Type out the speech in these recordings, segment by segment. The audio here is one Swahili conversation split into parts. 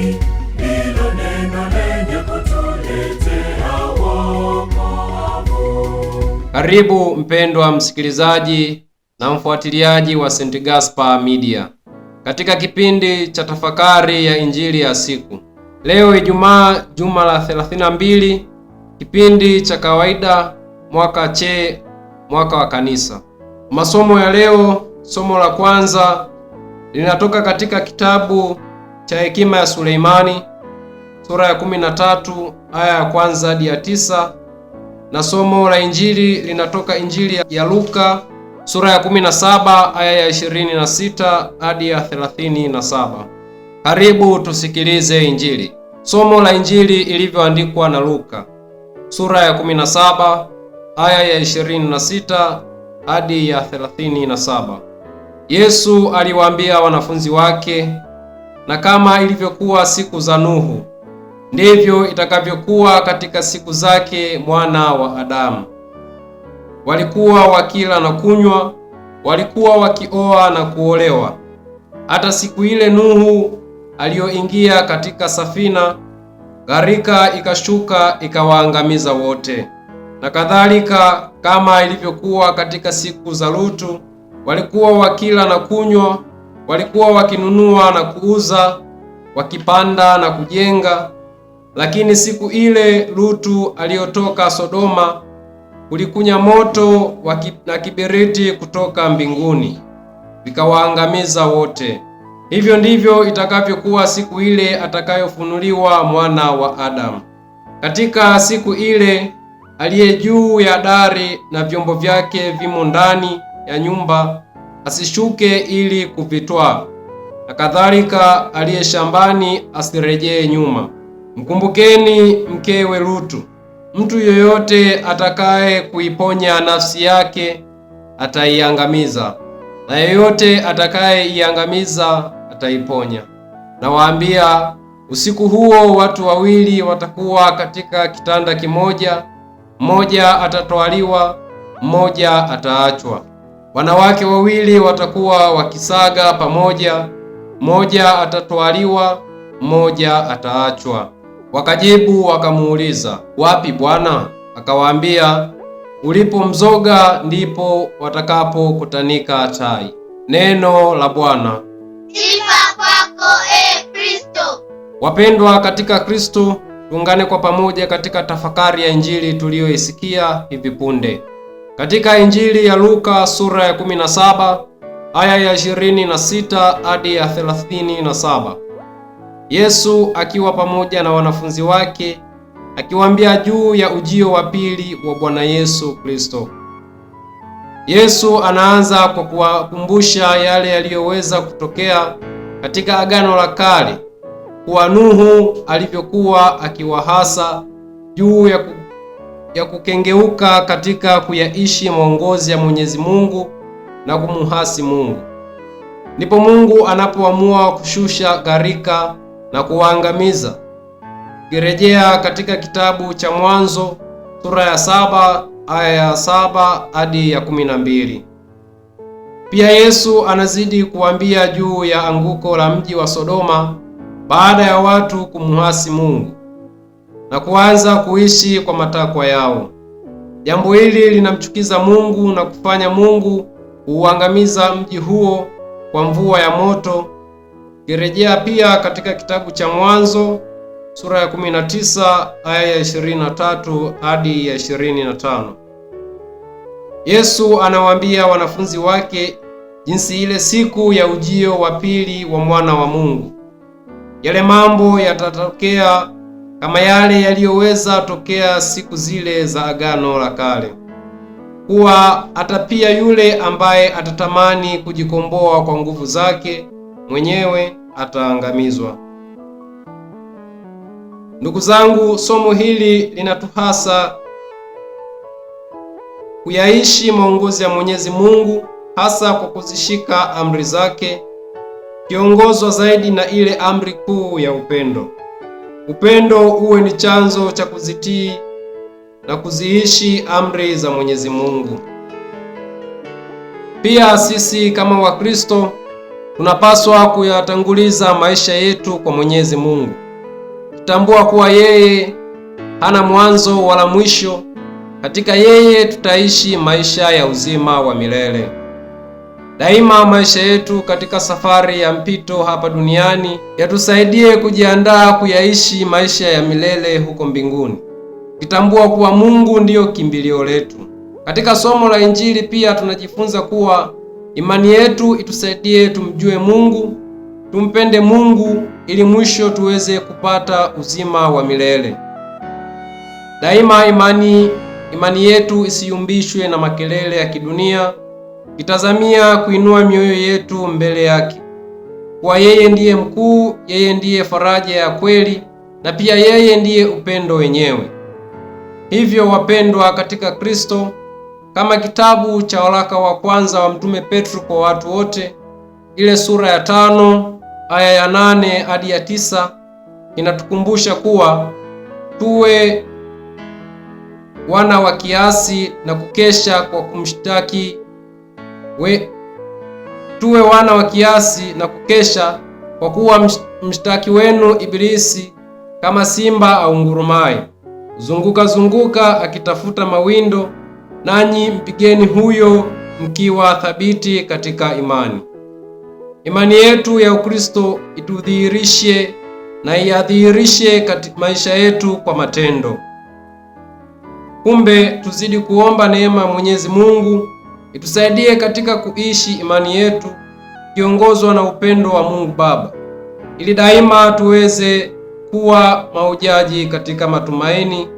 ndilo neno lenye kutuletea wokovu. Karibu mpendwa msikilizaji na mfuatiliaji wa St. Gaspar Media katika kipindi cha tafakari ya injili ya siku leo, Ijumaa juma la 32 kipindi cha kawaida mwaka che mwaka wa kanisa. Masomo ya leo, somo la kwanza linatoka katika kitabu cha hekima ya Suleimani sura ya 13 aya ya kwanza hadi ya tisa na somo la Injili linatoka Injili ya Luka sura ya 17 aya ya 26 hadi ya 37. Karibu tusikilize Injili. Somo la Injili ilivyoandikwa na Luka sura ya 17 aya ya 26 hadi ya 37. Yesu aliwaambia wanafunzi wake na kama ilivyokuwa siku za Nuhu, ndivyo itakavyokuwa katika siku zake mwana wa Adamu. Walikuwa wakila na kunywa, walikuwa wakioa na kuolewa. Hata siku ile Nuhu aliyoingia katika safina, gharika ikashuka ikawaangamiza wote. Na kadhalika kama ilivyokuwa katika siku za Lutu, walikuwa wakila na kunywa Walikuwa wakinunua na kuuza, wakipanda na kujenga, lakini siku ile Lutu aliyotoka Sodoma kulikunya moto na kiberiti kutoka mbinguni vikawaangamiza wote. Hivyo ndivyo itakavyokuwa siku ile atakayofunuliwa mwana wa Adamu. Katika siku ile aliye juu ya dari na vyombo vyake vimo ndani ya nyumba asishuke ili kuvitwaa, na kadhalika aliye shambani asirejee nyuma. Mkumbukeni mkewe Lutu. Mtu yoyote atakaye kuiponya nafsi yake ataiangamiza, na yeyote atakayeiangamiza ataiponya. Nawaambia, usiku huo watu wawili watakuwa katika kitanda kimoja, mmoja atatwaliwa, mmoja ataachwa. Wanawake wawili watakuwa wakisaga pamoja, mmoja atatwaliwa, mmoja ataachwa. Wakajibu wakamuuliza, wapi Bwana? Akawaambia, ulipo mzoga ndipo watakapokutanika tai. Neno la Bwana. Sifa kwako e Kristo. Wapendwa katika Kristo, tuungane kwa pamoja katika tafakari ya Injili tuliyoisikia hivi punde. Katika Injili ya Luka sura ya 17 aya ya 26 hadi ya 37, Yesu akiwa pamoja na wanafunzi wake akiwaambia juu ya ujio wa pili wa Bwana Yesu Kristo. Yesu anaanza kwa kuwakumbusha yale yaliyoweza kutokea katika Agano la Kale, kuwa Nuhu alivyokuwa akiwahasa juu ya ya kukengeuka katika kuyaishi maongozi ya Mwenyezi Mungu na kumuhasi Mungu. Ndipo Mungu anapoamua kushusha gharika na kuwaangamiza. Kirejea katika kitabu cha Mwanzo sura ya saba aya ya saba hadi ya kumi na mbili. Pia Yesu anazidi kuambia juu ya anguko la mji wa Sodoma baada ya watu kumuhasi Mungu na kuanza kuishi kwa matakwa yao. Jambo hili linamchukiza Mungu na kufanya Mungu huuangamiza mji huo kwa mvua ya moto. Kirejea pia katika kitabu cha Mwanzo sura ya 19 aya ya 23 hadi ya 25. Yesu anawaambia wanafunzi wake jinsi ile siku ya ujio wa pili wa mwana wa Mungu, yale mambo yatatokea kama yale yaliyoweza tokea siku zile za Agano la Kale, kuwa hata pia yule ambaye atatamani kujikomboa kwa nguvu zake mwenyewe ataangamizwa. Ndugu zangu, somo hili linatuhasa kuyaishi maongozi ya Mwenyezi Mungu, hasa kwa kuzishika amri zake, kiongozwa zaidi na ile amri kuu ya upendo. Upendo uwe ni chanzo cha kuzitii na kuziishi amri za Mwenyezi Mungu. Pia sisi kama Wakristo tunapaswa kuyatanguliza maisha yetu kwa Mwenyezi Mungu, tutambua kuwa yeye hana mwanzo wala mwisho. Katika yeye tutaishi maisha ya uzima wa milele. Daima maisha yetu katika safari ya mpito hapa duniani yatusaidie kujiandaa kuyaishi maisha ya milele huko mbinguni, kitambua kuwa Mungu ndiyo kimbilio letu. Katika somo la Injili pia tunajifunza kuwa imani yetu itusaidie tumjue Mungu, tumpende Mungu ili mwisho tuweze kupata uzima wa milele. Daima imani imani yetu isiyumbishwe na makelele ya kidunia kitazamia kuinua mioyo yetu mbele yake, kwa yeye ndiye mkuu, yeye ndiye faraja ya kweli, na pia yeye ndiye upendo wenyewe. Hivyo wapendwa katika Kristo, kama kitabu cha waraka wa kwanza wa Mtume Petro kwa watu wote, ile sura ya tano aya ya nane hadi ya tisa inatukumbusha kuwa tuwe wana wa kiasi na kukesha kwa kumshtaki we, tuwe wana wa kiasi na kukesha, kwa kuwa mshtaki wenu Ibilisi kama simba aungurumaye zunguka zunguka akitafuta mawindo, nanyi mpigeni huyo mkiwa thabiti katika imani. Imani yetu ya Ukristo itudhihirishe na iadhihirishe katika maisha yetu kwa matendo. Kumbe tuzidi kuomba neema Mwenyezi Mungu Itusaidie katika kuishi imani yetu kiongozwa na upendo wa Mungu Baba, ili daima tuweze kuwa maujaji katika matumaini.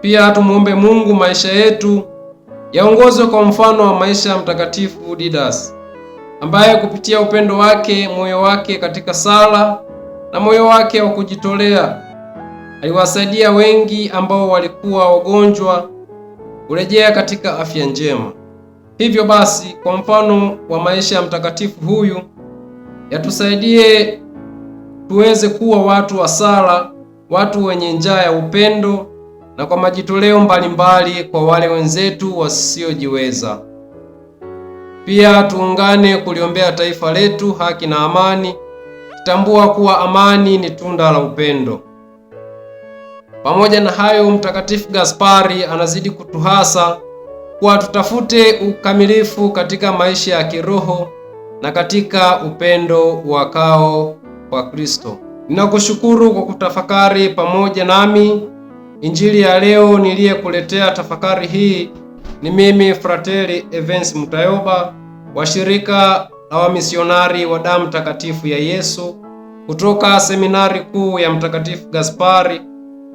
Pia tumuombe Mungu maisha yetu yaongozwe kwa mfano wa maisha ya Mtakatifu Didas ambaye kupitia upendo wake, moyo wake katika sala na moyo wake wa kujitolea aliwasaidia wengi ambao walikuwa wagonjwa kurejea katika afya njema. Hivyo basi, kwa mfano wa maisha ya mtakatifu huyu yatusaidie tuweze kuwa watu wa sala, watu wenye njaa ya upendo na kwa majitoleo mbalimbali kwa wale wenzetu wasiojiweza. Pia tuungane kuliombea taifa letu haki na amani, kitambua kuwa amani ni tunda la upendo. Pamoja na hayo, Mtakatifu Gaspari anazidi kutuhasa kuwa tutafute ukamilifu katika maisha ya kiroho na katika upendo wakao kwa Kristo. Ninakushukuru kwa kutafakari pamoja nami Injili ya leo. Niliyekuletea tafakari hii ni mimi Frateli Evans Mutayoba wa shirika la wamisionari wa damu takatifu ya Yesu kutoka seminari kuu ya Mtakatifu Gaspari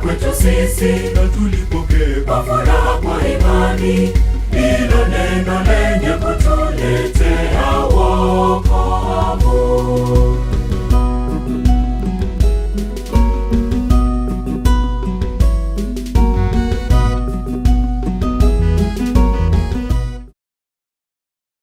kwetu sisi na tulipokee kwa furaha kwa imani.